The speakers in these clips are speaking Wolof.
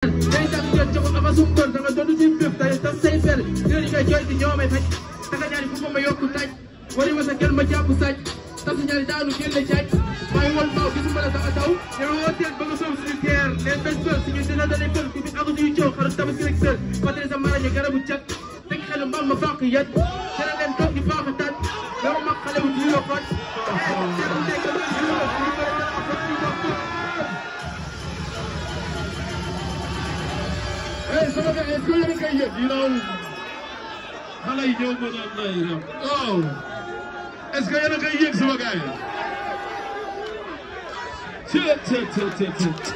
day tax jot jox ko avance mu doon danga doon suñu bépp tey tam say fer yéen jooy di ñoomay faj danga ñaari bu ko ma yokku taaj wari ma sa kenn ma jàpp saaj tam si ñaari daanu génn jaaj maa ngi woon maaw gisuma la sama taw yow woo teel ba nga soob suñu teer leen dañ bël suñu dina dalee bël ku fi ak suñu coow xaru tabaski rek sër fàttali sa marañe garabu cat teg xelu mbaam ma fàq yat Hey, some of it is going to be you know. Hello, you know, you know. Oh, it's going to be you, some of it. Chit, uh. chit,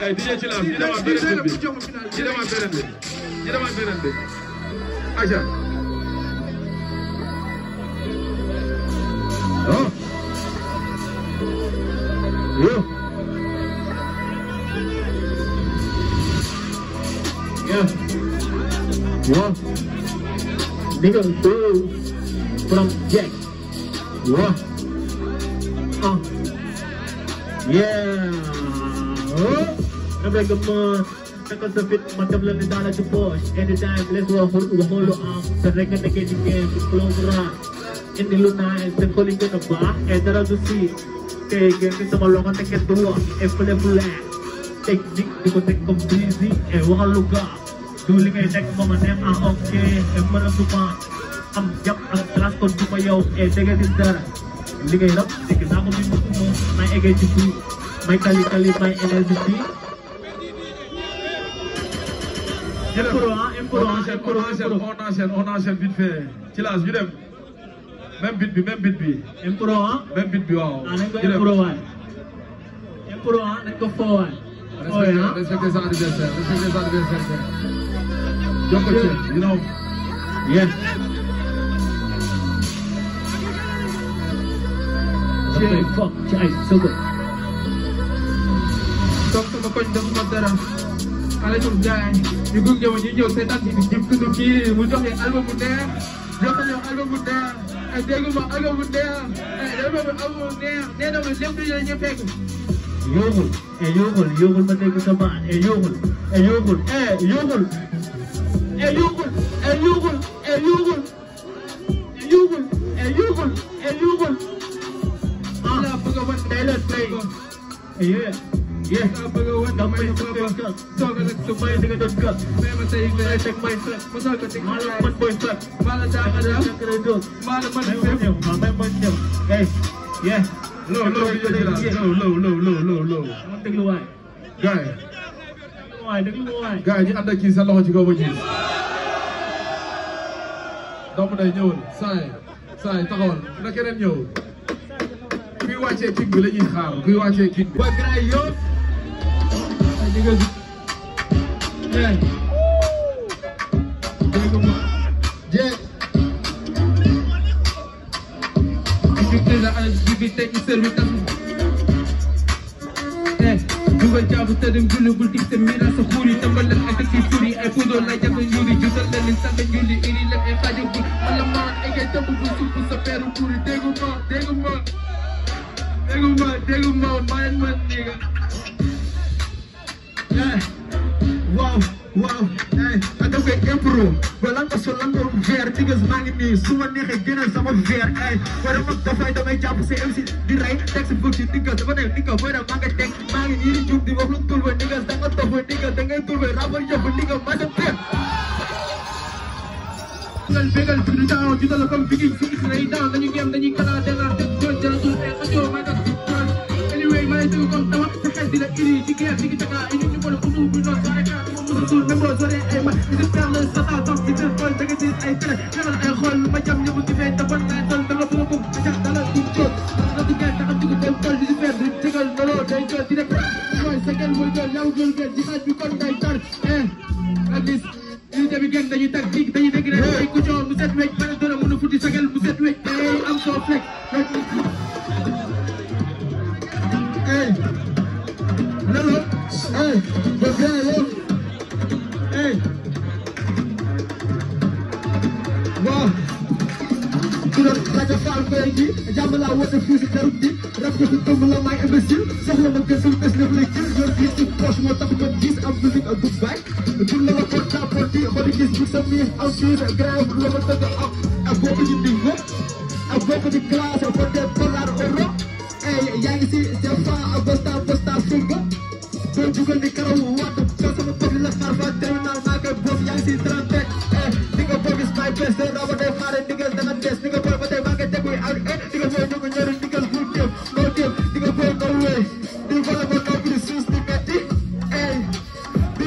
Hey, DJ Chilam, you know I'm better than this. You know I'm better than this. You know I'm better Aja. What? Nigga, bro. But I'm Jack. What? Uh. Yeah. Oh. I'm like a man. Nakasabit matam lang na dala sa Bosch Anytime, let's go, waholo ang Saray The na ganyan, flow rock Hindi lunahin, sa kuling ka na ba? Eh, daraw to see Kaya ganyan sa Take na katuwa Eh, pala pala Take dick, di ko take kong busy Eh, wakaluga du li ngay teg moom a neex ah ok mën a duma am jàpp ak place kon duma yow e dégg di dara li ngay rab dégg naa ko bi moom may eggee ci fii may kali kali may énergie fii impro ah impro impro impro on enchaîne on enchaîne vite fait ci laas ñu dem même bit bi même bit bi impro ah même bit bi waaw nañ ko impro waay impro ah nañ ko foo waay respectez respectez sa anniversaire respectez sa anniversaire Djokovic, you know. Yes. Jay Fuck Jay Silver. Trong tôi quanh đông mặt ra Ale cũng dài Như gương nhiều như nhiều xe tăng thì mình cứ tục chi Muốn cho hiện album một đêm Rất nhiều album một đêm Anh thấy cũng mặc album một đêm Anh thấy cũng mặc album một đêm Nên đâu mình đem đi ra như phép Yogurt, a yogurt, yogurt, mà đây có các bạn, a yogurt, a yogurt, a yogurt, and you will, and you will, and you will, and you will, and you will, and you will. Ah, Taylor playing. Yeah, yeah. Yeah. Low, low, low, low, low, low, low, low. Guy. Guy. Guy, ñu ànd ak kii sa loxo ci kaw ba doomu day ñëwal saa yi saa na keneen ñëw kuy wàccee king bi la xaar kuy wàccee king bi. waa gars yi yëpp. jéeg. injecté la activité ci service am. eh dugal sa xuur loolu lay jafe njuri gisal leen leen sant njuli iri leen ay xaajagul man la maan ay ngay tëbb bu suuf sa peeru kuuri déggu ma déggu ma déggu ma déggu ma maa man nii nga waaw Wow, hey, I don't waaw a dafay impro walan ko sol lanko verre niggas maa ngi nii su ma neexee génnal sama verre ay wala mag dafay damay jàpp si MC di rey teg si fukk si niggas dafa nekk niggas mooy nag I'm gonna take my di jug the wax lu turbe niggas da nga tofe niggas the da ngay turbe raba yëpp niggas maa dem pep bégal bégal tuuti daaw jutal la comme figi figi rey daaw dañu gem dañuy kalaa dellaa teg góor jëla tuuti ay xajoo may tax anyway maa ngi tëgg comme tabax dina iri ci kër ci taka indi ñu bolu kusu bu non ka mu su ne mo sore ay ma ci fer le sata tax ci fer ko da nga ci ay tele xelal ay xol ma jam ñu ci fe da bon ay tol da ka tax soo fekk affaire bi jàmm laa woote fii si garut bi rab ko si tëmb la may imbécile soxla ma gën suñu bés lépp lay gis yor gis ci poche moo tax ma gis am musique ak good bye dur la ma porte à porte xooli gis bu tamit am fii grave la ma tëgg ah, ak ak bokk ci di wëpp ak bokk ci classe côté dollar euro yaa ngi si c'est pas bosta bosta finger boo jugal ni karaw waat sama bopp la xaar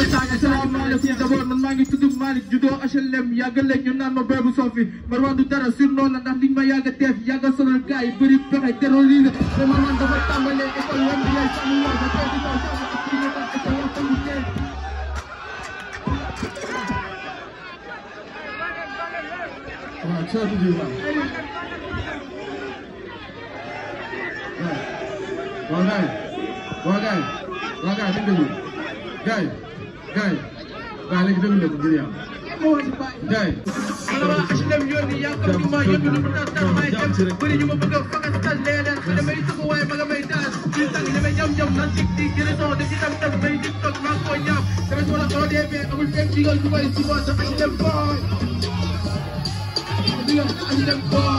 la tàgge gars yi waaw léegi déglu leen ko ngir yàlla. gars yi. alors HLM yoon bi yaakaar naa ma yóbbu lu mu tas tas may dem bëri ñu ma bëgg a fagatal léeg-léeg damay tëgg waaye ma nga may taas ñu tàng damay jam jam nan dik di jërëjëf di ci tam tam may dik toog maa ko ñaam dama ci wala ODB amul benn digal bu may si boo sa HLM boy digal HLM boy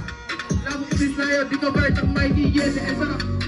This is yun, di ka balik ang may diyan Ang